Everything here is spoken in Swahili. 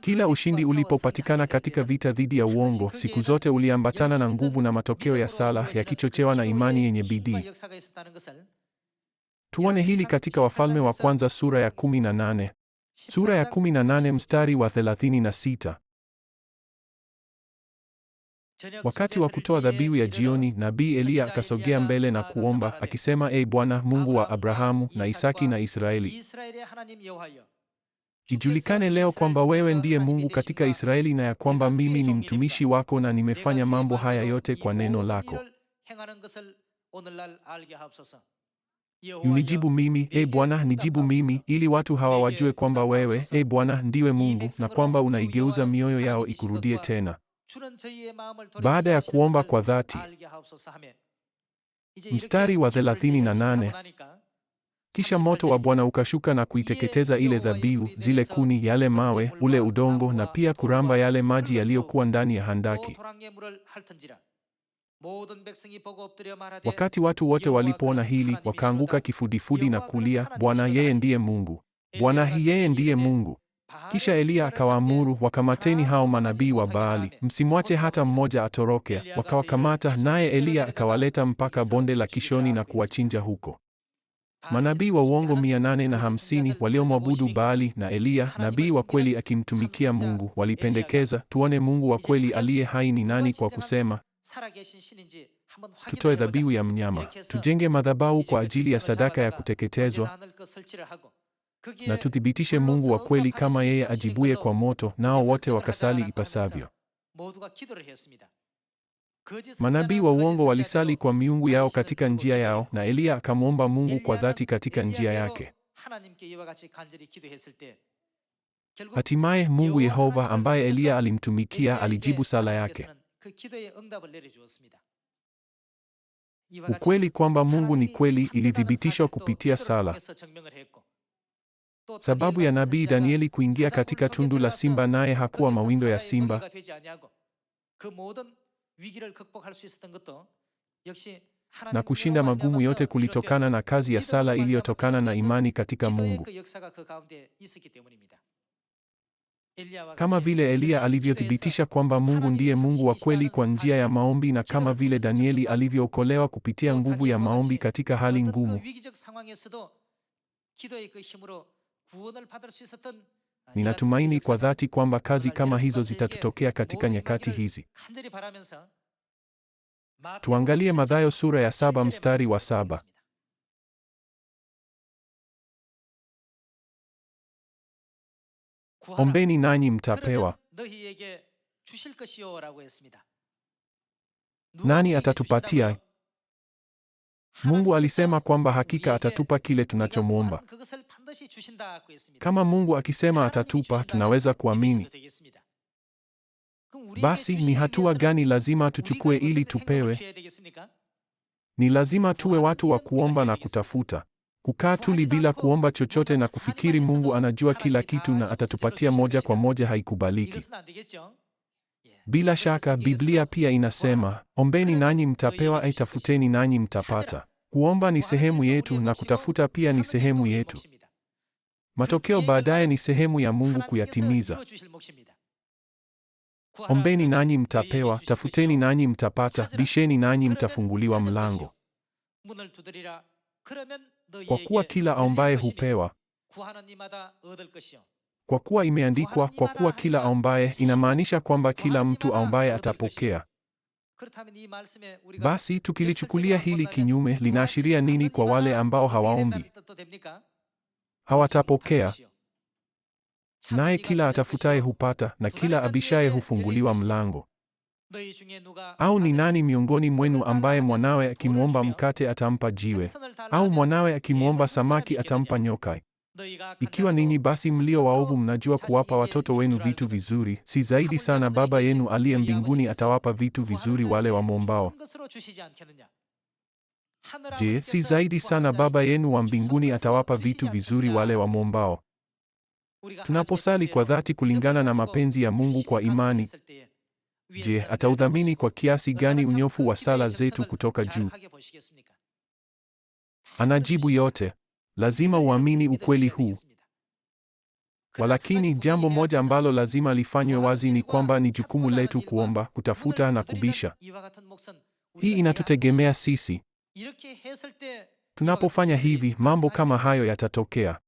Kila ushindi ulipopatikana katika vita dhidi ya uongo, siku zote uliambatana na nguvu na matokeo ya sala yakichochewa na imani yenye bidii. Tuone hili katika Wafalme wa Kwanza sura ya 18. Sura ya 18 mstari wa 36. Wakati wa kutoa dhabihu ya jioni, nabii Eliya akasogea mbele na kuomba akisema, Ee Bwana Mungu wa Abrahamu na Isaki na Israeli, Ijulikane leo kwamba wewe ndiye Mungu katika Israeli na ya kwamba mimi ni mtumishi wako na nimefanya mambo haya yote kwa neno lako. Unijibu mimi, e Bwana, nijibu mimi, ili watu hawa wajue kwamba wewe, e Bwana, ndiwe Mungu na kwamba unaigeuza mioyo yao ikurudie tena. Baada ya kuomba kwa dhati. Mstari wa 38. Kisha moto wa Bwana ukashuka na kuiteketeza ile dhabihu, zile kuni, yale mawe, ule udongo, na pia kuramba yale maji yaliyokuwa ndani ya handaki. Wakati watu wote walipoona hili, wakaanguka kifudifudi na kulia, Bwana yeye ndiye Mungu, Bwana yeye ndiye Mungu. Kisha Eliya akawaamuru, wakamateni hao manabii wa Baali, msimwache hata mmoja atoroke. Wakawakamata, naye Eliya akawaleta mpaka bonde la Kishoni na kuwachinja huko. Manabii wa uongo 850 na hamsini waliomwabudu Baali na Eliya nabii wa kweli akimtumikia Mungu walipendekeza tuone Mungu wa kweli aliye hai ni nani kwa kusema tutoe dhabihu ya mnyama, tujenge madhabahu kwa ajili ya sadaka ya kuteketezwa na tuthibitishe Mungu wa kweli kama yeye ajibuye kwa moto, nao wote wakasali ipasavyo. Manabii wa uongo walisali kwa miungu yao katika njia yao, na Eliya akamwomba Mungu kwa dhati katika njia yake. Hatimaye Mungu Yehova ambaye Eliya alimtumikia alijibu sala yake. Ukweli kwamba Mungu ni kweli ilithibitishwa kupitia sala. Sababu ya nabii Danieli kuingia katika tundu la simba naye hakuwa mawindo ya simba na kushinda magumu yote kulitokana na kazi ya sala iliyotokana na imani katika Mungu. Kama vile Eliya alivyothibitisha kwamba Mungu ndiye Mungu wa kweli kwa njia ya maombi na kama vile Danieli alivyookolewa kupitia nguvu ya maombi katika hali ngumu. Ninatumaini kwa dhati kwamba kazi kama hizo zitatutokea katika nyakati hizi. Tuangalie Mathayo sura ya saba mstari wa saba. Ombeni nanyi mtapewa. Nani atatupatia? Mungu alisema kwamba hakika atatupa kile tunachomwomba. Kama Mungu akisema atatupa, tunaweza kuamini. Basi ni hatua gani lazima tuchukue ili tupewe? Ni lazima tuwe watu wa kuomba na kutafuta. Kukaa tuli bila kuomba chochote na kufikiri Mungu anajua kila kitu na atatupatia moja kwa moja haikubaliki. Bila shaka Biblia pia inasema, ombeni nanyi mtapewa, aitafuteni nanyi mtapata. Kuomba ni sehemu yetu na kutafuta pia ni sehemu yetu. Matokeo baadaye ni sehemu ya Mungu kuyatimiza. Ombeni nanyi mtapewa, tafuteni nanyi mtapata, bisheni nanyi mtafunguliwa mlango. Kwa kuwa kila aombaye hupewa. Kwa kuwa imeandikwa, kwa kuwa kila aombaye, inamaanisha kwamba kila mtu aombaye atapokea. Basi tukilichukulia hili kinyume, linaashiria nini kwa wale ambao hawaombi? hawatapokea. Naye kila atafutaye hupata, na kila abishaye hufunguliwa mlango. Au ni nani miongoni mwenu ambaye mwanawe akimwomba mkate atampa jiwe, au mwanawe akimwomba samaki atampa nyoka? Ikiwa ninyi basi mlio waovu mnajua kuwapa watoto wenu vitu vizuri, si zaidi sana Baba yenu aliye mbinguni atawapa vitu vizuri wale wamwombao? Je, si zaidi sana Baba yenu wa mbinguni atawapa vitu vizuri wale wamwombao? Tunaposali kwa dhati kulingana na mapenzi ya Mungu kwa imani, je, ataudhamini kwa kiasi gani unyofu wa sala zetu kutoka juu? Anajibu yote. Lazima uamini ukweli huu. Walakini jambo moja ambalo lazima lifanywe wazi ni kwamba ni jukumu letu kuomba, kutafuta na kubisha. Hii inatutegemea sisi. Tunapofanya hivi, mambo kama hayo yatatokea.